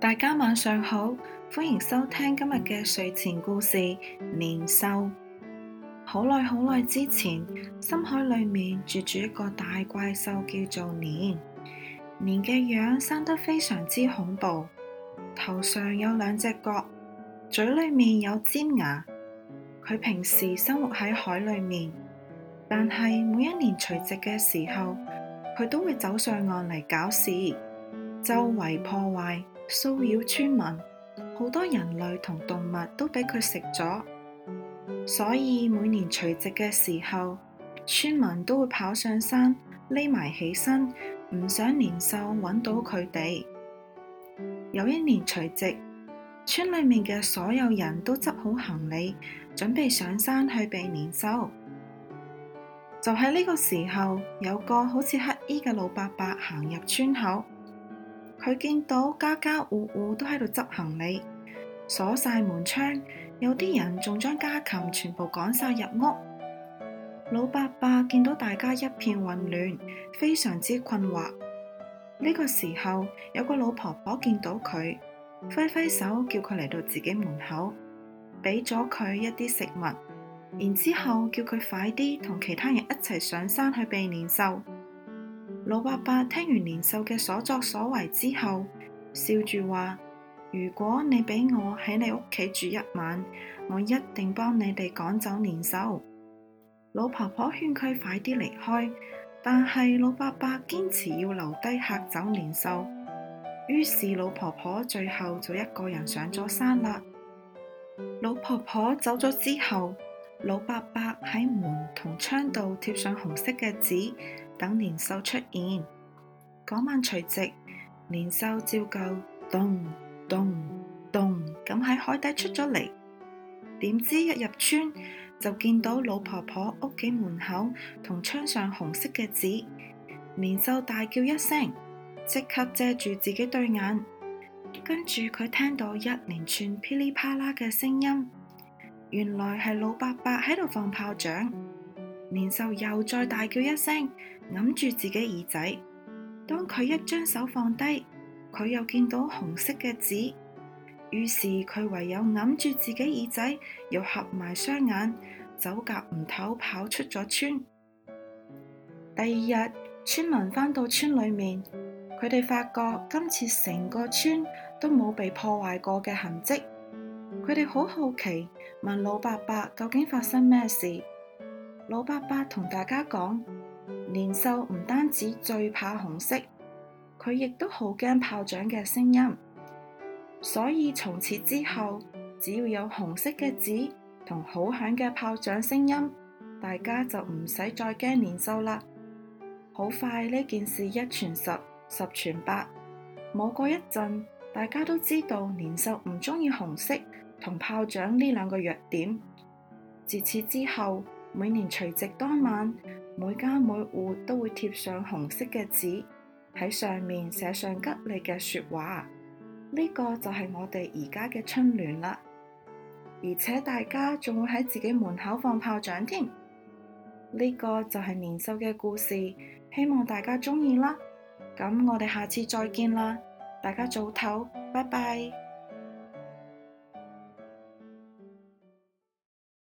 大家晚上好，歡迎收聽今日嘅睡前故事。年獸。好耐好耐之前，深海裏面住住一個大怪獸，叫做年。年嘅樣生得非常之恐怖，頭上有兩隻角。嘴裏面有尖牙，佢平時生活喺海裡面，但係每一年除夕嘅時候，佢都會走上岸嚟搞事，周圍破壞、騷擾村民，好多人類同動物都俾佢食咗。所以每年除夕嘅時候，村民都會跑上山匿埋起身，唔想年獸揾到佢哋。有一年除夕。村裏面嘅所有人都執好行李，準備上山去避年獸。就喺呢個時候，有個好似乞兒嘅老伯伯行入村口，佢見到家家戶戶都喺度執行李，鎖晒門窗，有啲人仲將家禽全部趕晒入屋。老伯伯見到大家一片混亂，非常之困惑。呢、這個時候，有個老婆婆見到佢。揮揮手叫佢嚟到自己門口，俾咗佢一啲食物，然之後叫佢快啲同其他人一齊上山去避年獸。老伯伯聽完年獸嘅所作所為之後，笑住話：如果你俾我喺你屋企住一晚，我一定幫你哋趕走年獸。老婆婆勸佢快啲離開，但係老伯伯堅持要留低嚇走年獸。於是老婆婆最後就一個人上咗山啦。老婆婆走咗之後，老伯伯喺門同窗度貼上紅色嘅紙，等年獸出現。嗰晚除夕，年獸照舊咚咚咚噉喺海底出咗嚟。點知一入村就見到老婆婆屋企門口同窗上紅色嘅紙，年獸大叫一聲。即刻遮住自己對眼，跟住佢聽到一連串噼里啪啦嘅聲音，原來係老伯伯喺度放炮仗。年獸又再大叫一聲，揞住自己耳仔。當佢一張手放低，佢又見到紅色嘅紙，於是佢唯有揞住自己耳仔，又合埋雙眼，走夾唔唞，跑出咗村。第二日，村民返到村裏面。佢哋發覺今次成個村都冇被破壞過嘅痕跡，佢哋好好奇，問老伯伯究竟發生咩事。老伯伯同大家講，年獸唔單止最怕紅色，佢亦都好驚炮仗嘅聲音。所以從此之後，只要有紅色嘅紙同好響嘅炮仗聲音，大家就唔使再驚年獸啦。好快呢件事一傳十，十全八，冇過一陣，大家都知道年獸唔中意紅色同炮仗呢兩個弱點。自此之後，每年除夕當晚，每家每戶都會貼上紅色嘅紙，喺上面寫上吉利嘅說話。呢個就係我哋而家嘅春聯啦。而且大家仲會喺自己門口放炮仗添。呢個就係年獸嘅故事，希望大家中意啦。咁我哋下次再見啦，大家早唞，拜拜。